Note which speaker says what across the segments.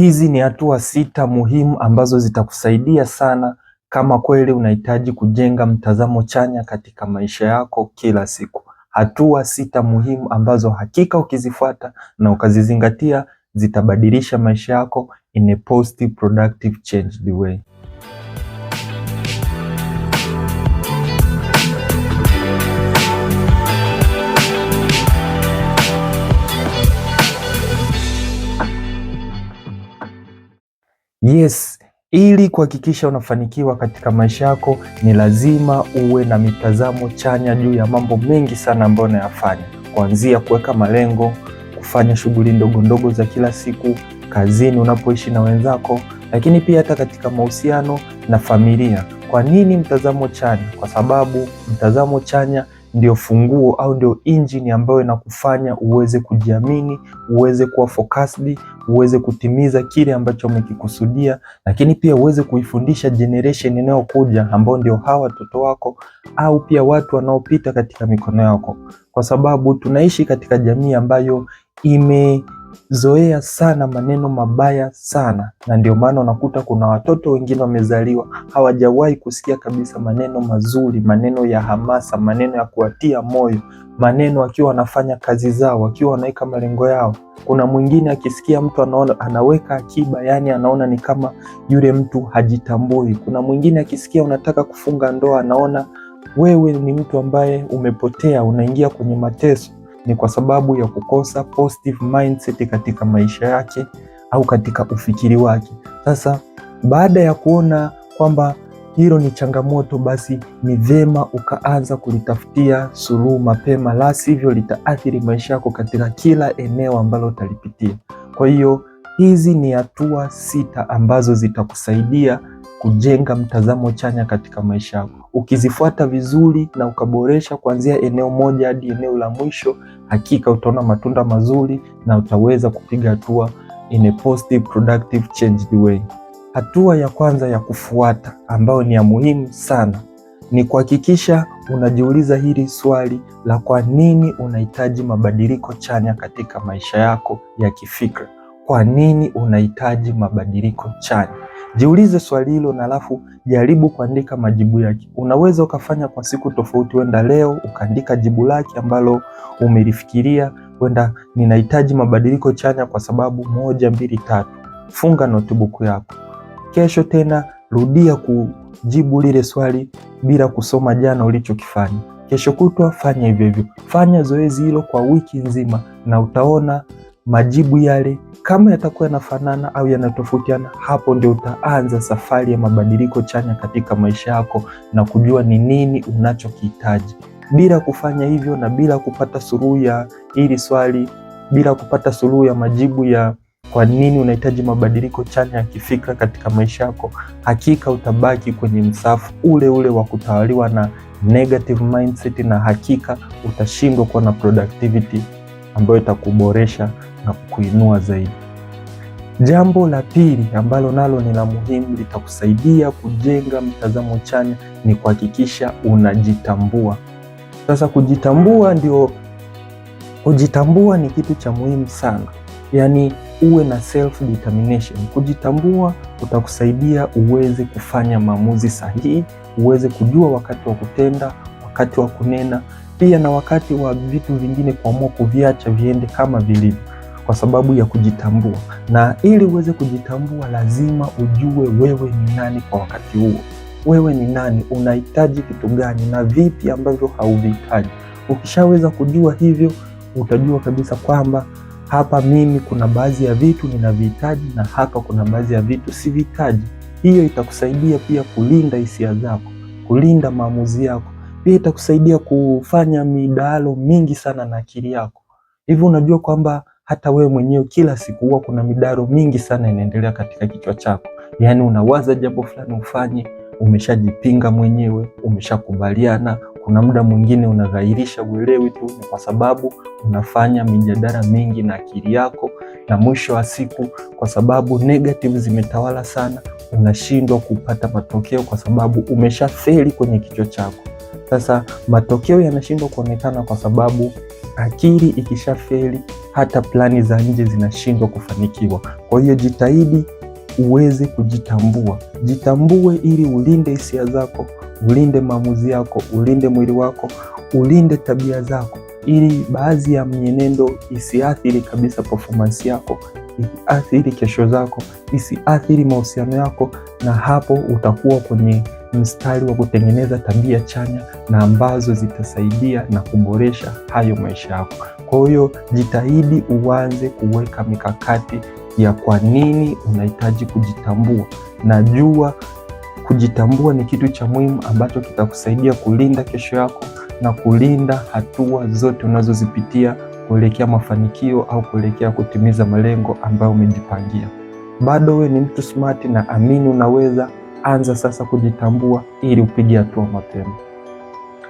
Speaker 1: Hizi ni hatua sita muhimu ambazo zitakusaidia sana kama kweli unahitaji kujenga mtazamo chanya katika maisha yako kila siku. Hatua sita muhimu ambazo hakika ukizifuata na ukazizingatia zitabadilisha maisha yako in a positive productive change the way. Yes, ili kuhakikisha unafanikiwa katika maisha yako ni lazima uwe na mitazamo chanya juu ya mambo mengi sana ambayo unayafanya, kuanzia kuweka malengo, kufanya shughuli ndogo ndogo za kila siku, kazini, unapoishi na wenzako, lakini pia hata katika mahusiano na familia. Kwa nini mtazamo chanya? Kwa sababu mtazamo chanya ndio funguo au ndio injini ambayo inakufanya uweze kujiamini, uweze kuwa focused, uweze kutimiza kile ambacho umekikusudia, lakini pia uweze kuifundisha generation inayokuja ambao ndio hawa watoto wako au pia watu wanaopita katika mikono yako, kwa sababu tunaishi katika jamii ambayo ime zoea sana maneno mabaya sana, na ndio maana unakuta kuna watoto wengine wamezaliwa hawajawahi kusikia kabisa maneno mazuri, maneno ya hamasa, maneno ya kuwatia moyo, maneno wakiwa wanafanya kazi zao, wakiwa wanaweka malengo yao. Kuna mwingine akisikia mtu anaona anaweka akiba, yani anaona ni kama yule mtu hajitambui. Kuna mwingine akisikia unataka kufunga ndoa, anaona wewe ni mtu ambaye umepotea, unaingia kwenye mateso ni kwa sababu ya kukosa positive mindset katika maisha yake au katika ufikiri wake. Sasa baada ya kuona kwamba hilo ni changamoto, basi ni vema ukaanza kulitafutia suluhu mapema, la sivyo litaathiri maisha yako katika kila eneo ambalo utalipitia. Kwa hiyo hizi ni hatua sita ambazo zitakusaidia kujenga mtazamo chanya katika maisha yako. Ukizifuata vizuri na ukaboresha kuanzia eneo moja hadi eneo la mwisho, hakika utaona matunda mazuri na utaweza kupiga hatua in a positive productive change the way. Hatua ya kwanza ya kufuata ambayo ni ya muhimu sana ni kuhakikisha unajiuliza hili swali la kwa nini unahitaji mabadiliko chanya katika maisha yako ya kifikra. Kwa nini unahitaji mabadiliko chanya? Jiulize swali hilo na alafu jaribu kuandika majibu yake. Unaweza ukafanya kwa siku tofauti, wenda leo ukaandika jibu lake ambalo umelifikiria, wenda ninahitaji mabadiliko chanya kwa sababu moja, mbili, tatu. Funga notebook yako, kesho tena rudia kujibu lile swali bila kusoma jana ulichokifanya. Kesho kutwa fanya hivyo hivyo, fanya zoezi hilo kwa wiki nzima, na utaona majibu yale kama yatakuwa yanafanana au yanatofautiana, hapo ndio utaanza safari ya mabadiliko chanya katika maisha yako na kujua ni nini unachokihitaji. Bila kufanya hivyo na bila kupata suluhu ya hili swali, bila kupata suluhu ya majibu ya kwa nini unahitaji mabadiliko chanya ya kifikra katika maisha yako, hakika utabaki kwenye msafu ule ule wa kutawaliwa na negative mindset, na hakika utashindwa kuwa na productivity ambayo itakuboresha na kukuinua zaidi. Jambo la pili ambalo nalo ni la muhimu litakusaidia kujenga mtazamo chanya ni kuhakikisha unajitambua. Sasa kujitambua ndio, kujitambua ni kitu cha muhimu sana, yaani uwe na self determination. Kujitambua utakusaidia uweze kufanya maamuzi sahihi, uweze kujua wakati wa kutenda, wakati wa kunena, pia na wakati wa vitu vingine kuamua kuviacha viende kama vilivyo kwa sababu ya kujitambua, na ili uweze kujitambua lazima ujue wewe ni nani kwa wakati huo. Wewe ni nani, unahitaji kitu gani na vipi ambavyo hauvihitaji. Ukishaweza kujua hivyo, utajua kabisa kwamba hapa mimi kuna baadhi ya vitu ninavihitaji na hapa kuna baadhi ya vitu sivihitaji. Hiyo itakusaidia pia kulinda hisia zako, kulinda maamuzi yako, pia itakusaidia kufanya midahalo mingi sana na akili yako. Hivyo unajua kwamba hata wewe mwenyewe kila siku huwa kuna midaro mingi sana inaendelea katika kichwa chako, yaani unawaza jambo fulani ufanye, umeshajipinga mwenyewe, umeshakubaliana. Kuna muda mwingine unadhairisha, uelewi tu, ni kwa sababu unafanya mijadala mingi na akili yako, na mwisho wa siku, kwa sababu negative zimetawala sana, unashindwa kupata matokeo kwa sababu umeshafeli kwenye kichwa chako. Sasa matokeo yanashindwa kuonekana kwa sababu akili ikishafeli hata plani za nje zinashindwa kufanikiwa. Kwa hiyo jitahidi uweze kujitambua, jitambue ili ulinde hisia zako, ulinde maamuzi yako, ulinde mwili wako, ulinde tabia zako, ili baadhi ya mienendo isiathiri kabisa performance yako, isiathiri kesho zako, isiathiri mahusiano yako, na hapo utakuwa kwenye mstari wa kutengeneza tabia chanya na ambazo zitasaidia na kuboresha hayo maisha yako. Kwa hiyo jitahidi uanze kuweka mikakati ya kwa nini unahitaji kujitambua. Najua kujitambua ni kitu cha muhimu ambacho kitakusaidia kulinda kesho yako na kulinda hatua zote unazozipitia kuelekea mafanikio au kuelekea kutimiza malengo ambayo umejipangia. Bado wewe ni mtu smart na amini, unaweza anza sasa kujitambua ili upige hatua mapema.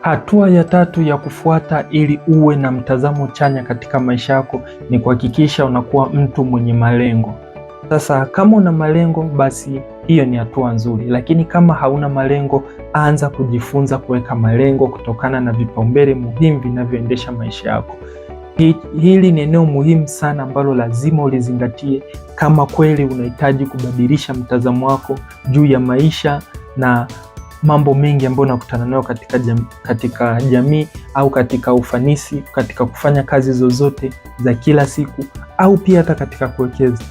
Speaker 1: Hatua ya tatu ya kufuata ili uwe na mtazamo chanya katika maisha yako ni kuhakikisha unakuwa mtu mwenye malengo. Sasa kama una malengo, basi hiyo ni hatua nzuri, lakini kama hauna malengo, anza kujifunza kuweka malengo kutokana na vipaumbele muhimu vinavyoendesha maisha yako. Hili ni eneo muhimu sana ambalo lazima ulizingatie kama kweli unahitaji kubadilisha mtazamo wako juu ya maisha na mambo mengi ambayo unakutana nayo katika jamii, katika jamii au katika ufanisi katika kufanya kazi zozote za kila siku au pia hata katika kuwekeza.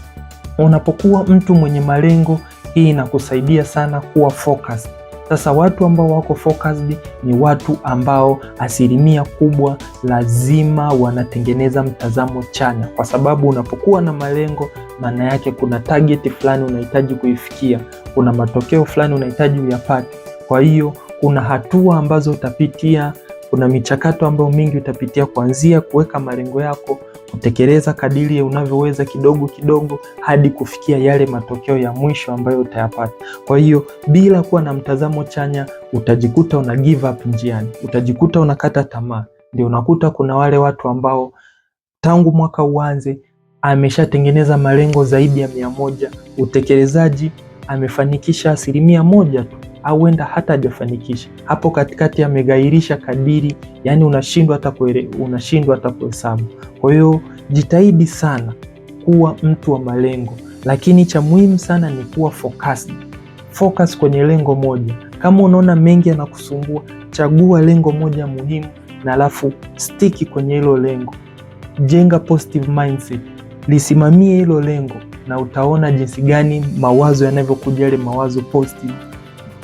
Speaker 1: Unapokuwa mtu mwenye malengo, hii inakusaidia sana kuwa focused. Sasa watu ambao wako focused ni watu ambao asilimia kubwa lazima wanatengeneza mtazamo chanya, kwa sababu unapokuwa na malengo, maana yake kuna target fulani unahitaji kuifikia, kuna matokeo fulani unahitaji uyapate. Kwa hiyo kuna hatua ambazo utapitia, kuna michakato ambayo mingi utapitia kuanzia kuweka malengo yako tekeleza kadiri unavyoweza kidogo kidogo, hadi kufikia yale matokeo ya mwisho ambayo utayapata. Kwa hiyo bila kuwa na mtazamo chanya, utajikuta una give up njiani, utajikuta unakata tamaa. Ndio unakuta kuna wale watu ambao tangu mwaka uanze ameshatengeneza malengo zaidi ya mia moja, utekelezaji amefanikisha asilimia moja tu au huenda hata hajafanikisha hapo katikati, amegairisha kadiri, yani unashindwa hata kuele, unashindwa hata kuhesabu. Kwa hiyo jitahidi sana kuwa mtu wa malengo, lakini cha muhimu sana ni kuwa focused. Focus kwenye lengo moja. Kama unaona mengi yanakusumbua, chagua lengo moja muhimu na alafu stiki kwenye hilo lengo. Jenga positive mindset, lisimamie hilo lengo na utaona jinsi gani mawazo yanavyokuja, yale mawazo positive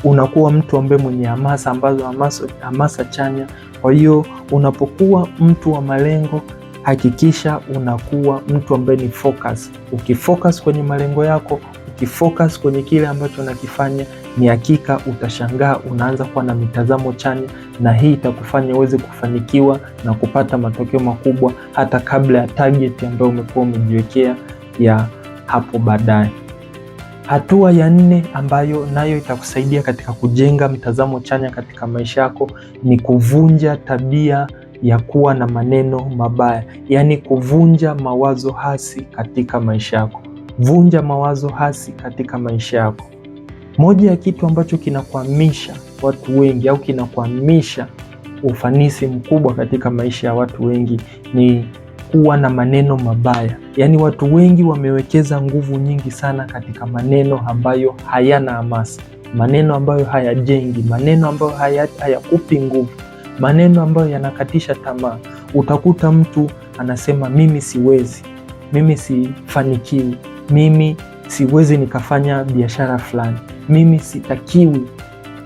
Speaker 1: unakuwa mtu ambaye mwenye hamasa ambazo hamasa, hamasa chanya. Kwa hiyo unapokuwa mtu wa malengo hakikisha unakuwa mtu ambaye ni focus. Ukifocus kwenye malengo yako, ukifocus kwenye kile ambacho unakifanya, ni hakika utashangaa unaanza kuwa na mitazamo chanya, na hii itakufanya uweze kufanikiwa na kupata matokeo makubwa hata kabla ya target ambayo umekuwa umejiwekea ya hapo baadaye. Hatua ya nne ambayo nayo itakusaidia katika kujenga mtazamo chanya katika maisha yako ni kuvunja tabia ya kuwa na maneno mabaya, yaani kuvunja mawazo hasi katika maisha yako. Vunja mawazo hasi katika maisha yako. Moja ya kitu ambacho kinakwamisha watu wengi au kinakwamisha ufanisi mkubwa katika maisha ya watu wengi ni kuwa na maneno mabaya. Yaani watu wengi wamewekeza nguvu nyingi sana katika maneno ambayo hayana hamasa, maneno ambayo hayajengi, maneno ambayo hayakupi haya nguvu, maneno ambayo yanakatisha tamaa. Utakuta mtu anasema mimi siwezi, mimi sifanikiwi, mimi siwezi nikafanya biashara fulani, mimi sitakiwi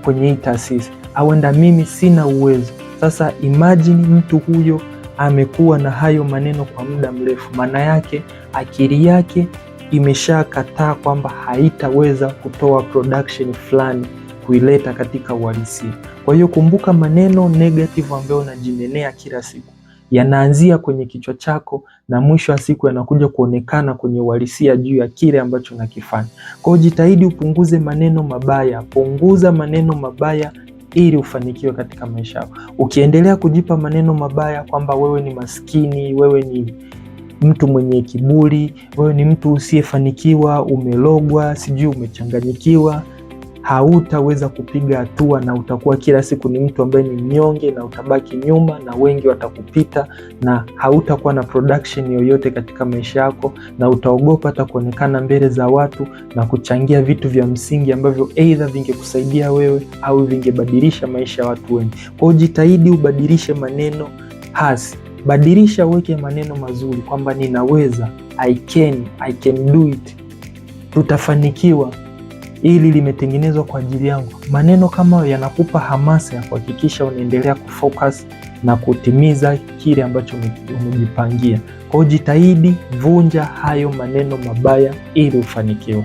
Speaker 1: kwenye hii taasisi, au enda mimi sina uwezo. Sasa imajini mtu huyo amekuwa na hayo maneno kwa muda mrefu. Maana yake akili yake imeshakataa kwamba haitaweza kutoa production fulani kuileta katika uhalisia. Kwa hiyo kumbuka, maneno negative ambayo unajinenea kila siku yanaanzia kwenye kichwa chako na mwisho wa siku yanakuja kuonekana kwenye uhalisia juu ya kile ambacho unakifanya. Kwa hiyo jitahidi upunguze maneno mabaya, punguza maneno mabaya ili ufanikiwe katika maisha yako. Ukiendelea kujipa maneno mabaya kwamba wewe ni maskini, wewe ni mtu mwenye kiburi, wewe ni mtu usiyefanikiwa, umelogwa, sijui umechanganyikiwa hautaweza kupiga hatua na utakuwa kila siku ni mtu ambaye ni mnyonge na utabaki nyuma na wengi watakupita na hautakuwa na production yoyote katika maisha yako, na utaogopa hata kuonekana mbele za watu na kuchangia vitu vya msingi ambavyo aidha vingekusaidia wewe au vingebadilisha maisha ya watu wengi. Kwa hiyo jitahidi ubadilishe maneno hasi, badilisha, uweke maneno mazuri kwamba ninaweza, I can, I can do it, tutafanikiwa Hili limetengenezwa kwa ajili yangu. Maneno kama yanakupa hamasa ya kuhakikisha unaendelea kufocus na kutimiza kile ambacho umejipangia. Kwa hiyo jitahidi, vunja hayo maneno mabaya ili ufanikiwe.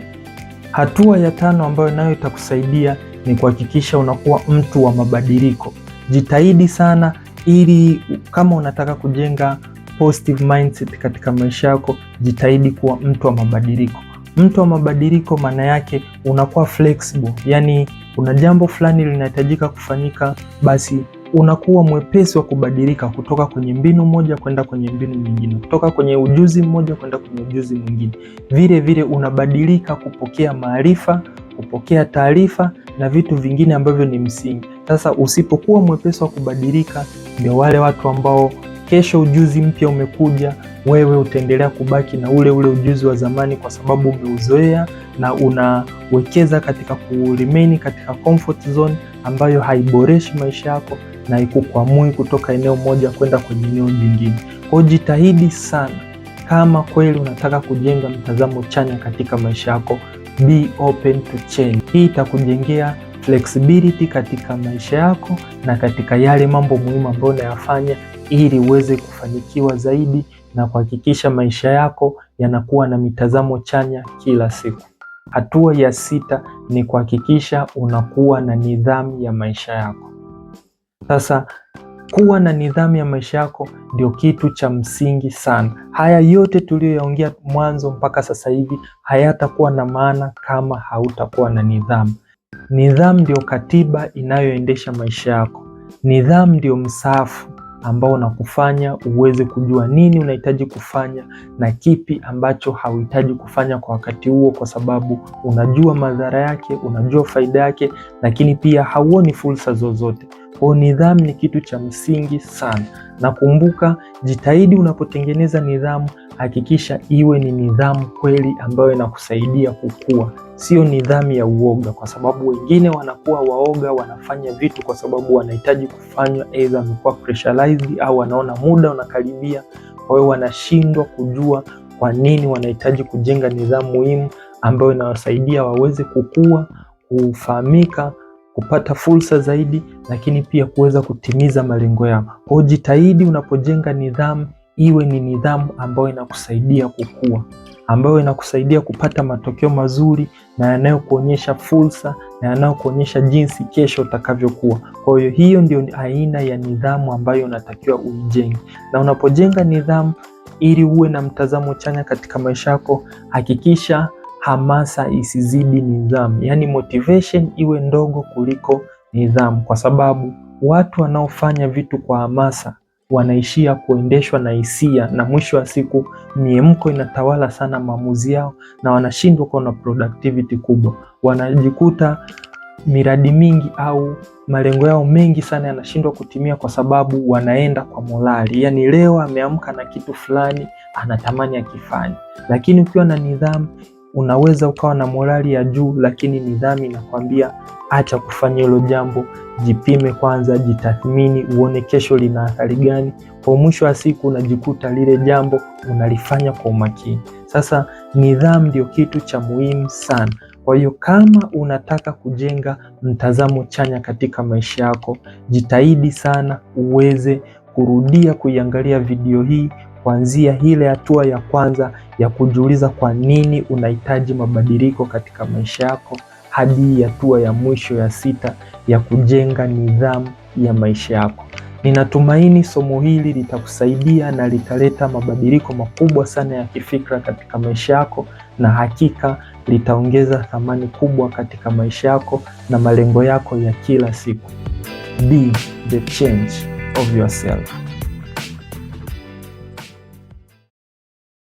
Speaker 1: Hatua ya tano ambayo nayo itakusaidia ni kuhakikisha unakuwa mtu wa mabadiliko. Jitahidi sana ili kama unataka kujenga positive mindset katika maisha yako, jitahidi kuwa mtu wa mabadiliko mtu wa mabadiliko maana yake unakuwa flexible, yani kuna jambo fulani linahitajika kufanyika, basi unakuwa mwepesi wa kubadilika kutoka kwenye mbinu moja kwenda kwenye mbinu nyingine, kutoka kwenye ujuzi mmoja kwenda kwenye ujuzi mwingine. Vile vile unabadilika kupokea maarifa, kupokea taarifa na vitu vingine ambavyo ni msingi. Sasa usipokuwa mwepesi wa kubadilika, ndio wale watu ambao kesho ujuzi mpya umekuja, wewe utaendelea kubaki na ule ule ujuzi wa zamani, kwa sababu umeuzoea na unawekeza katika kuremain katika comfort zone ambayo haiboreshi maisha yako na ikukwamui kutoka eneo moja kwenda kwenye eneo jingine. Kwa hiyo jitahidi sana, kama kweli unataka kujenga mtazamo chanya katika maisha yako, be open to change. Hii itakujengea flexibility katika maisha yako na katika yale mambo muhimu ambayo unayafanya ili uweze kufanikiwa zaidi na kuhakikisha maisha yako yanakuwa na mitazamo chanya kila siku. Hatua ya sita ni kuhakikisha unakuwa na nidhamu ya maisha yako. Sasa kuwa na nidhamu ya maisha yako ndio kitu cha msingi sana. Haya yote tuliyoyaongea mwanzo mpaka sasa hivi hayatakuwa na maana kama hautakuwa na nidhamu. Nidhamu ndio katiba inayoendesha maisha yako. Nidhamu ndio msaafu ambao unakufanya uweze kujua nini unahitaji kufanya na kipi ambacho hauhitaji kufanya kwa wakati huo, kwa sababu unajua madhara yake, unajua faida yake, lakini pia hauoni fursa zozote. Kwa nidhamu ni kitu cha msingi sana, na kumbuka, jitahidi unapotengeneza nidhamu, hakikisha iwe ni nidhamu kweli ambayo inakusaidia kukua sio nidhamu ya uoga, kwa sababu wengine wanakuwa waoga, wanafanya vitu kwa sababu wanahitaji kufanywa, aidha amekuwa pressurized au wanaona muda unakaribia. Kwa hiyo wanashindwa kujua kwa nini wanahitaji kujenga nidhamu muhimu ambayo inawasaidia waweze kukua, kufahamika, kupata fursa zaidi, lakini pia kuweza kutimiza malengo yao. Kwa hiyo jitahidi unapojenga nidhamu iwe ni nidhamu ambayo inakusaidia kukua, ambayo inakusaidia kupata matokeo mazuri na yanayokuonyesha fursa na yanayokuonyesha jinsi kesho utakavyokuwa. Kwa hiyo, hiyo ndio aina ya nidhamu ambayo unatakiwa uijenge, na unapojenga nidhamu ili uwe na mtazamo chanya katika maisha yako, hakikisha hamasa isizidi nidhamu, yaani motivation iwe ndogo kuliko nidhamu, kwa sababu watu wanaofanya vitu kwa hamasa wanaishia kuendeshwa na hisia, na mwisho wa siku miemko inatawala sana maamuzi yao, na wanashindwa kuwa na productivity kubwa. Wanajikuta miradi mingi au malengo yao mengi sana yanashindwa kutimia kwa sababu wanaenda kwa morali. Yaani leo ameamka na kitu fulani anatamani akifanye, lakini ukiwa na nidhamu Unaweza ukawa na morali ya juu, lakini nidhamu inakwambia acha kufanya hilo jambo, jipime kwanza, jitathmini, uone kesho lina athari gani. Kwa mwisho wa siku unajikuta lile jambo unalifanya kwa umakini. Sasa nidhamu ndio kitu cha muhimu sana. Kwa hiyo kama unataka kujenga mtazamo chanya katika maisha yako, jitahidi sana uweze kurudia kuiangalia video hii kuanzia ile hatua ya kwanza ya kujiuliza kwa nini unahitaji mabadiliko katika maisha yako hadi hatua ya mwisho ya sita ya kujenga nidhamu ya maisha yako. Ninatumaini somo hili litakusaidia na litaleta mabadiliko makubwa sana ya kifikra katika maisha yako, na hakika litaongeza thamani kubwa katika maisha yako na malengo yako ya kila siku. Be the change of yourself.